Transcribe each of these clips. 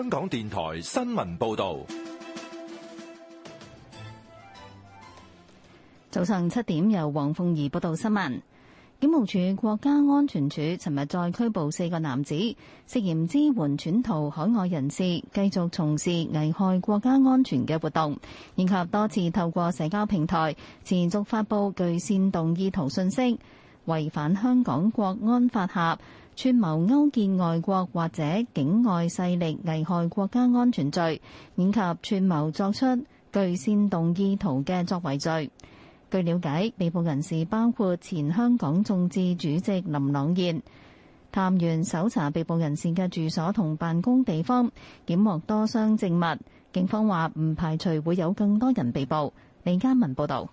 香港電台新聞報道，早上七點由黃鳳儀報道新聞。警務處國家安全處尋日再拘捕四個男子，涉嫌支援竄逃海外人士，繼續從事危害國家安全嘅活動，以及多次透過社交平台持續發佈具煽動意圖信息，違反香港國安法合。串謀勾結外國或者境外勢力危害國家安全罪，以及串謀作出具煽動意圖嘅作為罪。據了解，被捕人士包括前香港眾志主席林朗彥。探員搜查被捕人士嘅住所同辦公地方，檢獲多箱證物。警方話唔排除會有更多人被捕。李家文報道。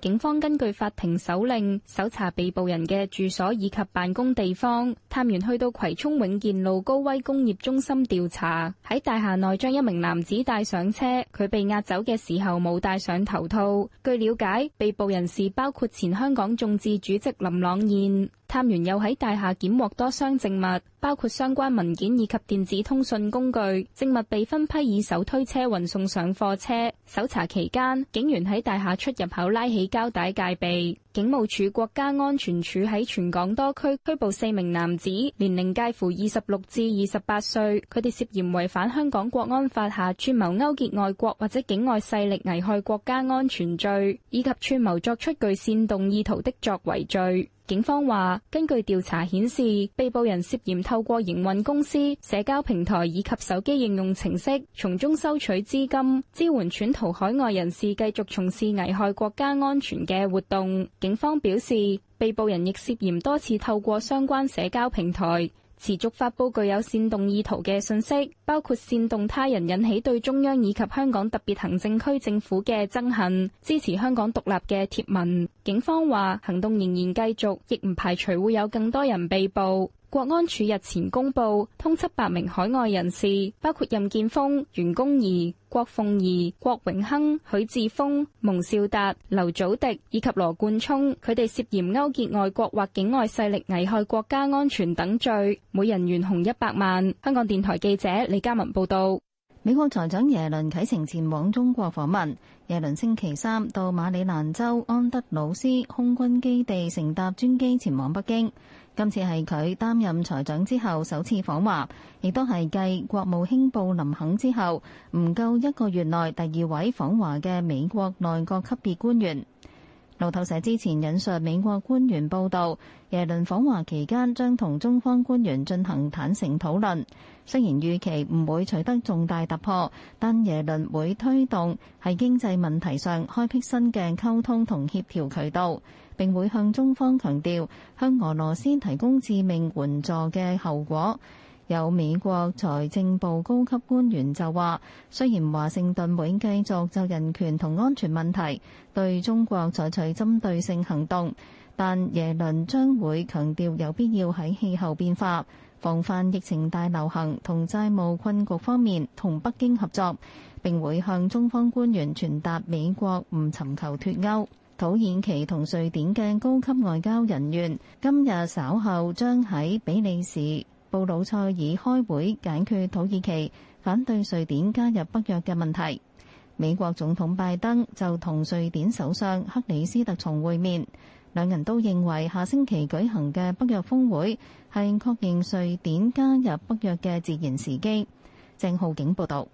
警方根據法庭手令搜查被捕人嘅住所以及辦公地方，探員去到葵涌永建路高威工業中心調查，喺大廈內將一名男子帶上車，佢被押走嘅時候冇戴上頭套。據了解，被捕人士包括前香港眾志主席林朗彥。探員又喺大廈檢獲多箱證物，包括相關文件以及電子通訊工具。證物被分批以手推車運送上貨車。搜查期間，警員喺大廈出入口拉起膠帶戒備。警務處國家安全處喺全港多區拘捕四名男子，年齡介乎二十六至二十八歲。佢哋涉嫌違反香港國安法下，下串謀勾結外國或者境外勢力，危害國家安全罪，以及串謀作出具煽動意圖的作為罪。警方話，根據調查顯示，被捕人涉嫌透過營運公司、社交平台以及手機應用程式，從中收取資金，支援潛逃海外人士繼續從事危害國家安全嘅活動。警方表示，被捕人亦涉嫌多次透過相關社交平台。持續發布具有煽動意圖嘅信息，包括煽動他人引起對中央以及香港特別行政區政府嘅憎恨、支持香港獨立嘅帖文。警方話行動仍然繼續，亦唔排除會有更多人被捕。國安處日前公布通緝八名海外人士，包括任建峰、袁公儀、郭鳳儀、郭榮鏗、許智峰、蒙兆達、劉祖迪以及羅冠聰，佢哋涉嫌勾結外國或境外勢力危害國家安全等罪，每人懸紅一百萬。香港電台記者李嘉文報道。美國財長耶倫啟程前往中國訪問。耶倫星期三到馬里蘭州安德魯斯空軍基地乘搭專機前往北京。今次係佢擔任財長之後首次訪華，亦都係繼國務卿布林肯之後，唔夠一個月內第二位訪華嘅美國內閣級別官員。路透社之前引述美國官員報道，耶倫訪華期間將同中方官員進行坦誠討論，雖然預期唔會取得重大突破，但耶倫會推動喺經濟問題上開闢新嘅溝通同協調渠道，並會向中方強調向俄羅斯提供致命援助嘅後果。有美國財政部高級官員就話：雖然華盛頓會繼續就人權同安全問題對中國採取針對性行動，但耶倫將會強調有必要喺氣候變化、防範疫情大流行同債務困局方面同北京合作。並會向中方官員傳達美國唔尋求脫鈎。土耳其同瑞典嘅高級外交人員今日稍後將喺比利時布魯塞爾開會，解決土耳其反對瑞典加入北約嘅問題。美國總統拜登就同瑞典首相克里斯特松會面，兩人都認為下星期舉行嘅北約峰會係確認瑞典加入北約嘅自然時機。鄭浩景報道。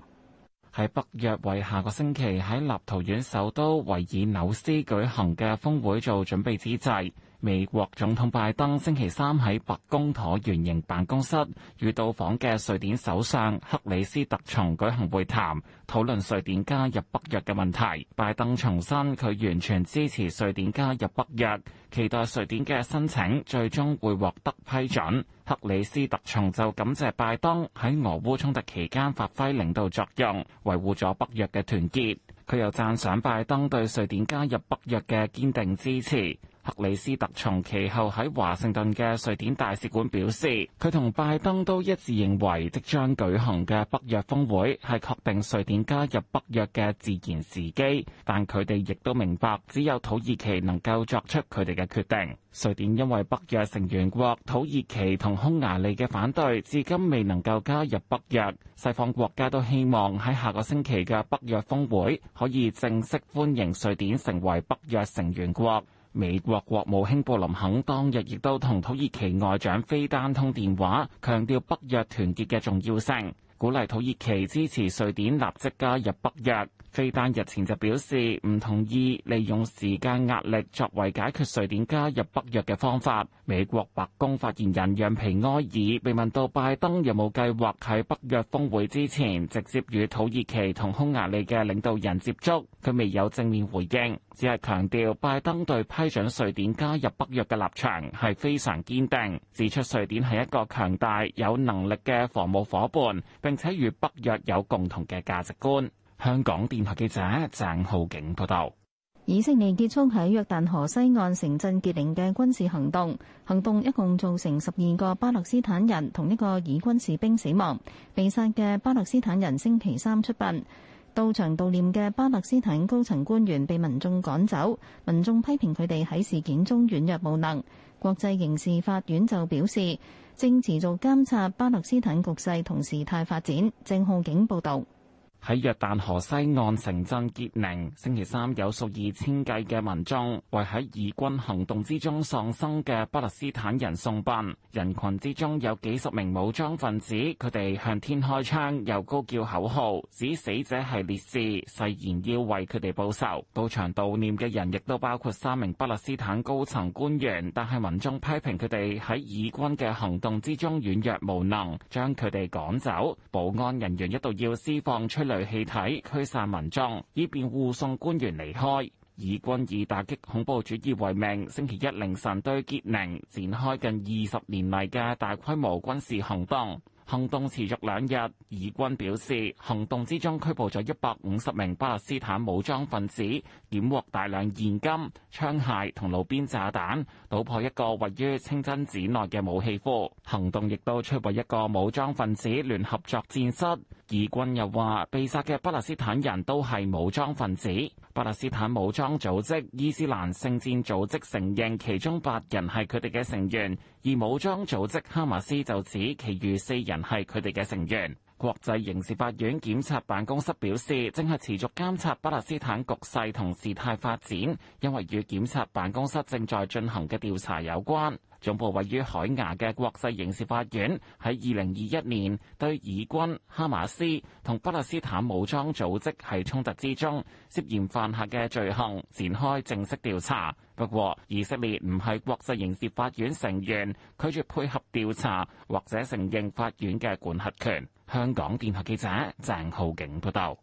喺北約為下個星期喺立陶宛首都維爾紐斯舉行嘅峰會做準備之際，美國總統拜登星期三喺白宮橢圓形辦公室與到訪嘅瑞典首相克里斯特松舉行會談，討論瑞典加入北約嘅問題。拜登重申佢完全支持瑞典加入北約。期待瑞典嘅申請最終會獲得批准。克里斯特松就感謝拜登喺俄烏衝突期間發揮領導作用，維護咗北約嘅團結，佢又讚賞拜登對瑞典加入北約嘅堅定支持。克里斯特從其後喺華盛頓嘅瑞典大使館表示，佢同拜登都一致認為，即將舉行嘅北約峰會係確定瑞典加入北約嘅自然時機。但佢哋亦都明白，只有土耳其能夠作出佢哋嘅決定。瑞典因為北約成員國土耳其同匈牙利嘅反對，至今未能夠加入北約。西方國家都希望喺下個星期嘅北約峰會可以正式歡迎瑞典成為北約成員國。美國國務卿布林肯當日亦都同土耳其外長菲丹通電話，強調北約團結嘅重要性。鼓勵土耳其支持瑞典立即加入北約。拜登日前就表示唔同意利用時間壓力作為解決瑞典加入北約嘅方法。美國白宮發言人揚皮埃爾被問到拜登有冇計劃喺北約峰會之前直接與土耳其同匈牙利嘅領導人接觸，佢未有正面回應，只係強調拜登對批准瑞典加入北約嘅立場係非常堅定，指出瑞典係一個強大有能力嘅防務夥伴，並且與北約有共同嘅價值觀。香港電台記者鄭浩景報道，多多以色列結束喺約旦河西岸城鎮結營嘅軍事行動，行動一共造成十二個巴勒斯坦人同一個以軍士兵死亡。被殺嘅巴勒斯坦人星期三出殯，到場悼念嘅巴勒斯坦高層官員被民眾趕走，民眾批評佢哋喺事件中軟弱無能。國際刑事法院就表示，正持續監察巴勒斯坦局勢同事態發展，鄭浩景報導。喺約旦河西岸城鎮傑寧，星期三有數以千計嘅民眾為喺以軍行動之中喪生嘅巴勒斯坦人送殯。人群之中有幾十名武裝分子，佢哋向天開槍，又高叫口號，指死者係烈士，誓言要為佢哋報仇。到場悼念嘅人亦都包括三名巴勒斯坦高層官員，但係民眾批評佢哋喺以軍嘅行動之中軟弱無能，將佢哋趕走。保安人員一度要施放催淚淚氣體驅散民眾，以便護送官員離開。以軍以打擊恐怖主義為名，星期一凌晨對傑寧展開近二十年嚟嘅大規模軍事行動。行動持續兩日，以軍表示行動之中拘捕咗一百五十名巴勒斯坦武裝分子，檢獲大量現金、槍械同路邊炸彈，搗破一個位於清真寺內嘅武器庫。行動亦都摧毀一個武裝分子聯合作戰室。以軍又話，被殺嘅巴勒斯坦人都係武裝分子。巴勒斯坦武裝組織伊斯蘭聖戰組織承認其中八人係佢哋嘅成員。而武裝組織哈馬斯就指，其餘四人係佢哋嘅成員。國際刑事法院檢察辦公室表示，正係持續監察巴勒斯坦局勢同事態發展，因為與檢察辦公室正在進行嘅調查有關。總部位於海牙嘅國際刑事法院喺二零二一年對以軍、哈馬斯同巴勒斯坦武裝組織喺衝突之中涉嫌犯下嘅罪行展開正式調查。不過，以色列唔係國際刑事法院成員，拒絕配合調查或者承認法院嘅管轄權。香港電台記者鄭浩景報道，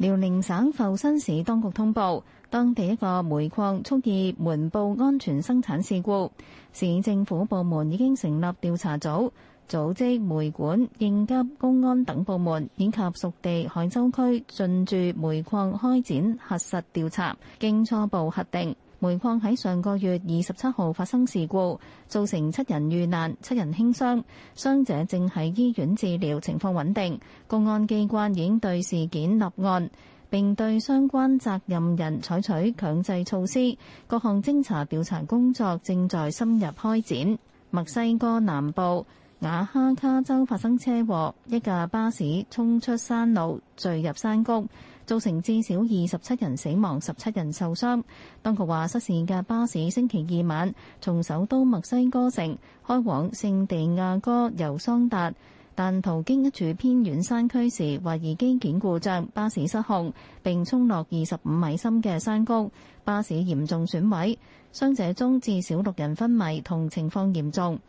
遼寧省阜新市當局通報，當地一個煤礦蓄意瞞報安全生產事故，市政府部門已經成立調查組，組織煤管、應急、公安等部門，以及屬地海州區進駐煤礦開展核實調查，經初步核定。煤礦喺上個月二十七號發生事故，造成七人遇難、七人輕傷，傷者正喺醫院治療，情況穩定。公安機關已經對事件立案，並對相關責任人採取強制措施。各項偵查調查工作正在深入開展。墨西哥南部瓦哈卡州發生車禍，一架巴士衝出山路，墜入山谷。造成至少二十七人死亡、十七人受傷。當局話失事嘅巴士星期二晚從首都墨西哥城開往聖地亞哥尤桑達，但途經一處偏遠山區時懷疑機件故障，巴士失控並衝落二十五米深嘅山谷，巴士嚴重損毀，傷者中至少六人昏迷同情況嚴重。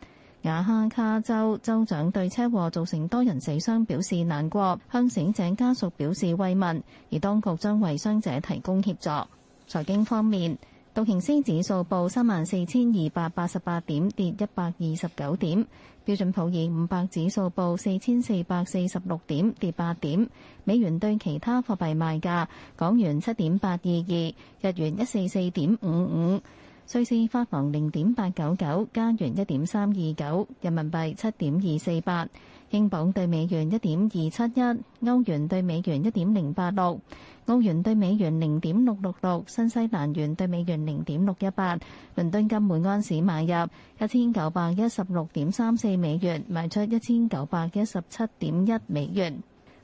雅哈卡州州長對車禍造成多人死傷表示難過，向死者家屬表示慰問，而當局將為傷者提供協助。財經方面，道瓊斯指數報三萬四千二百八十八點，跌一百二十九點；標準普爾五百指數報四千四百四十六點，跌八點。美元對其他貨幣賣價：港元七點八二二，日元一四四點五五。瑞士法郎零點八九九，加元一點三二九，人民幣七點二四八，英鎊兌美元一點二七一，歐元兌美元一點零八六，澳元兌美元零點六六六，新西蘭元兌美元零點六一八。倫敦金每安士買入一千九百一十六點三四美元，賣出一千九百一十七點一美元。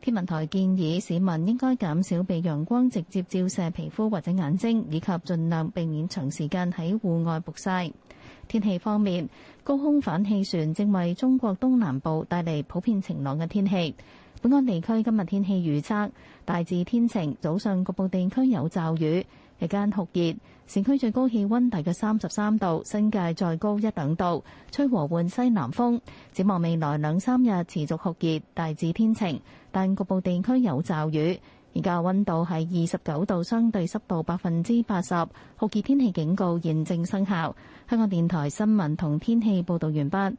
天文台建議市民應該減少被陽光直接照射皮膚或者眼睛，以及盡量避免長時間喺戶外曝曬。天氣方面，高空反氣旋正為中國東南部帶嚟普遍晴朗嘅天氣。本港地區今日天氣預測大致天晴，早上局部地區有驟雨。日間酷熱，市區最高氣溫大約三十三度，新界再高一兩度，吹和緩西南風。展望未來兩三日持續酷熱，大致天晴，但局部地區有驟雨。而家溫度係二十九度，相對濕度百分之八十，酷熱天氣警告現正生效。香港電台新聞同天氣報道完畢。